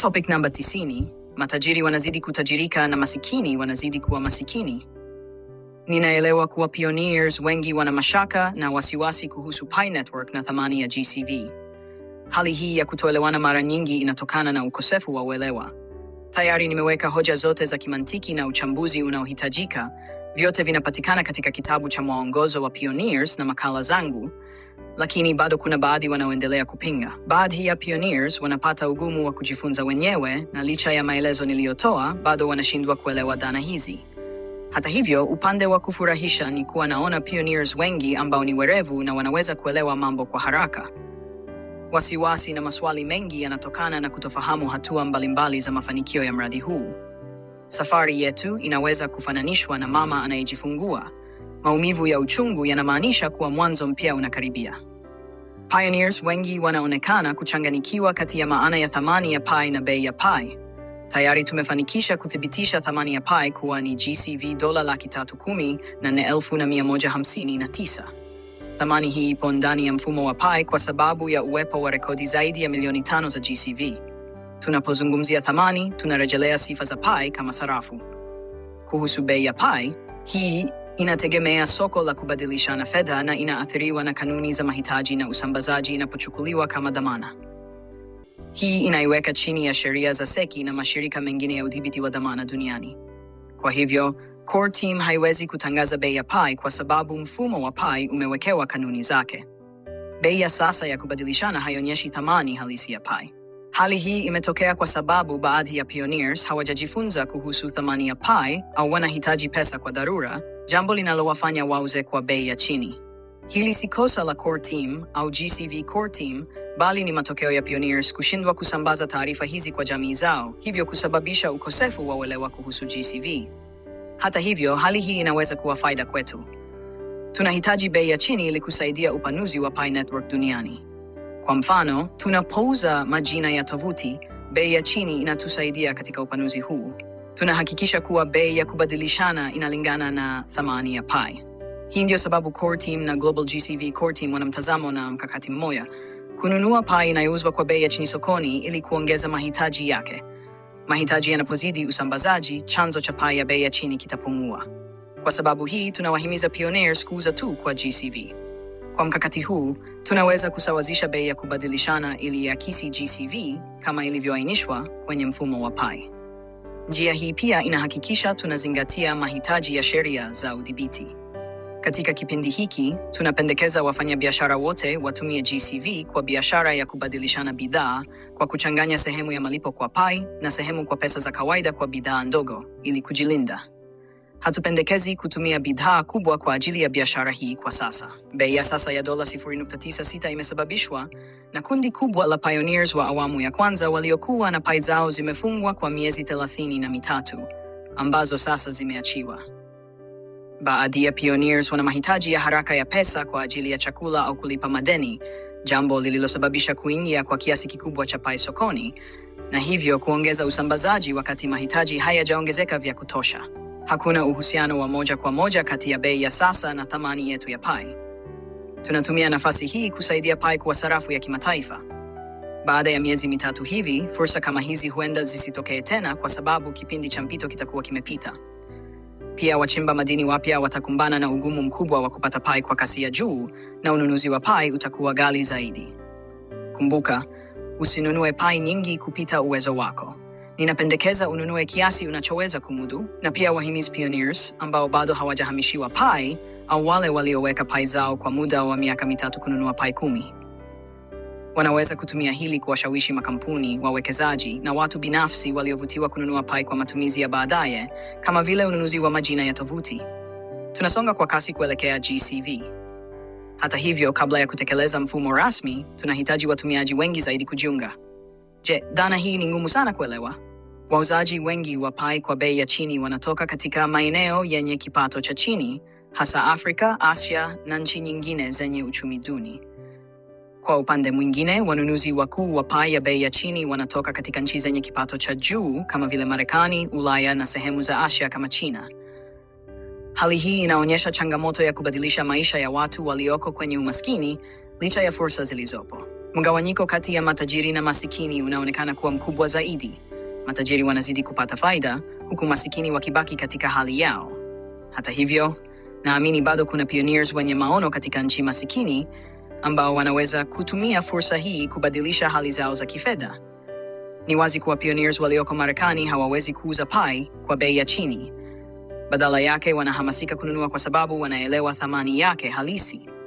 Topic namba 90: matajiri wanazidi kutajirika na masikini wanazidi kuwa masikini. Ninaelewa kuwa pioneers wengi wana mashaka na wasiwasi kuhusu Pi Network na thamani ya GCV. Hali hii ya kutoelewana mara nyingi inatokana na ukosefu wa uelewa. Tayari nimeweka hoja zote za kimantiki na uchambuzi unaohitajika Vyote vinapatikana katika kitabu cha Mwongozo wa Pioneers na makala zangu, lakini bado kuna baadhi wanaoendelea kupinga. Baadhi ya pioneers wanapata ugumu wa kujifunza wenyewe, na licha ya maelezo niliyotoa, bado wanashindwa kuelewa dhana hizi. Hata hivyo, upande wa kufurahisha ni kuwa naona pioneers wengi ambao ni werevu na wanaweza kuelewa mambo kwa haraka. Wasiwasi na maswali mengi yanatokana na kutofahamu hatua mbalimbali za mafanikio ya mradi huu. Safari yetu inaweza kufananishwa na mama anayejifungua. Maumivu ya uchungu yanamaanisha kuwa mwanzo mpya unakaribia. Pioneers wengi wanaonekana kuchanganikiwa kati ya maana ya thamani ya pi na bei ya pai Tayari tumefanikisha kuthibitisha thamani ya pai kuwa ni GCV dola laki tatu kumi na nne elfu na mia moja hamsini na tisa. Thamani hii ipo ndani ya mfumo wa pi kwa sababu ya uwepo wa rekodi zaidi ya milioni tano za GCV. Tunapozungumzia thamani, tunarejelea sifa za pai kama sarafu. Kuhusu bei ya pai, hii inategemea soko la kubadilishana fedha na inaathiriwa na kanuni za mahitaji na usambazaji inapochukuliwa kama dhamana. Hii inaiweka chini ya sheria za seki na mashirika mengine ya udhibiti wa dhamana duniani. Kwa hivyo, Core Team haiwezi kutangaza bei ya pai kwa sababu mfumo wa pai umewekewa kanuni zake. Bei ya sasa ya kubadilishana haionyeshi thamani halisi ya pai. Hali hii imetokea kwa sababu baadhi ya pioneers hawajajifunza kuhusu thamani ya pai au wanahitaji pesa kwa dharura, jambo linalowafanya wauze kwa bei ya chini. Hili si kosa la core team au GCV core team, bali ni matokeo ya pioneers kushindwa kusambaza taarifa hizi kwa jamii zao, hivyo kusababisha ukosefu wa uelewa kuhusu GCV. Hata hivyo, hali hii inaweza kuwa faida kwetu. Tunahitaji bei ya chini ili kusaidia upanuzi wa Pi network duniani. Kwa mfano, tunapouza majina ya tovuti, bei ya chini inatusaidia katika upanuzi huu. Tunahakikisha kuwa bei ya kubadilishana inalingana na thamani ya pai Hii ndiyo sababu Core Team na Global GCV Core Team wana mtazamo na mkakati mmoja: kununua pai inayouzwa kwa bei ya chini sokoni ili kuongeza mahitaji yake. Mahitaji yanapozidi usambazaji, chanzo cha pai ya bei ya chini kitapungua. Kwa sababu hii, tunawahimiza pioneers kuuza tu kwa GCV. Kwa mkakati huu, tunaweza kusawazisha bei ya kubadilishana ili iakisi GCV kama ilivyoainishwa kwenye mfumo wa pai Njia hii pia inahakikisha tunazingatia mahitaji ya sheria za udhibiti. Katika kipindi hiki, tunapendekeza wafanyabiashara wote watumie GCV kwa biashara ya kubadilishana bidhaa kwa kuchanganya sehemu ya malipo kwa pai na sehemu kwa pesa za kawaida kwa bidhaa ndogo ili kujilinda. Hatupendekezi kutumia bidhaa kubwa kwa ajili ya biashara hii kwa sasa. Bei ya sasa ya dola 0.96 imesababishwa na kundi kubwa la pioneers wa awamu ya kwanza waliokuwa na pai zao zimefungwa kwa miezi thelathini na mitatu ambazo sasa zimeachiwa. Baadhi ya pioneers wana mahitaji ya haraka ya pesa kwa ajili ya chakula au kulipa madeni, jambo lililosababisha kuingia kwa kiasi kikubwa cha pai sokoni na hivyo kuongeza usambazaji wakati mahitaji hayajaongezeka vya kutosha. Hakuna uhusiano wa moja kwa moja kati ya bei ya sasa na thamani yetu ya Pai. Tunatumia nafasi hii kusaidia Pai kuwa sarafu ya kimataifa. Baada ya miezi mitatu hivi, fursa kama hizi huenda zisitokee tena kwa sababu kipindi cha mpito kitakuwa kimepita. Pia wachimba madini wapya watakumbana na ugumu mkubwa wa kupata Pai kwa kasi ya juu na ununuzi wa Pai utakuwa ghali zaidi. Kumbuka, usinunue Pai nyingi kupita uwezo wako. Ninapendekeza ununue kiasi unachoweza kumudu, na pia wahimize pioneers ambao bado hawajahamishiwa pai au wale walioweka pai zao kwa muda wa miaka mitatu kununua pai kumi. Wanaweza kutumia hili kuwashawishi makampuni, wawekezaji na watu binafsi waliovutiwa kununua pai kwa matumizi ya baadaye, kama vile ununuzi wa majina ya tovuti. Tunasonga kwa kasi kuelekea GCV. Hata hivyo, kabla ya kutekeleza mfumo rasmi, tunahitaji watumiaji wengi zaidi kujiunga. Je, dhana hii ni ngumu sana kuelewa? Wauzaji wengi wa pai kwa bei ya chini wanatoka katika maeneo yenye kipato cha chini, hasa Afrika, Asia na nchi nyingine zenye uchumi duni. Kwa upande mwingine, wanunuzi wakuu wa pai ya bei ya chini wanatoka katika nchi zenye kipato cha juu kama vile Marekani, Ulaya na sehemu za Asia kama China. Hali hii inaonyesha changamoto ya kubadilisha maisha ya watu walioko kwenye umaskini licha ya fursa zilizopo. Mgawanyiko kati ya matajiri na masikini unaonekana kuwa mkubwa zaidi matajiri wanazidi kupata faida huku masikini wakibaki katika hali yao. Hata hivyo, naamini bado kuna pioneers wenye maono katika nchi masikini ambao wanaweza kutumia fursa hii kubadilisha hali zao za kifedha. Ni wazi kuwa pioneers walioko Marekani hawawezi kuuza pai kwa bei ya chini. Badala yake, wanahamasika kununua kwa sababu wanaelewa thamani yake halisi.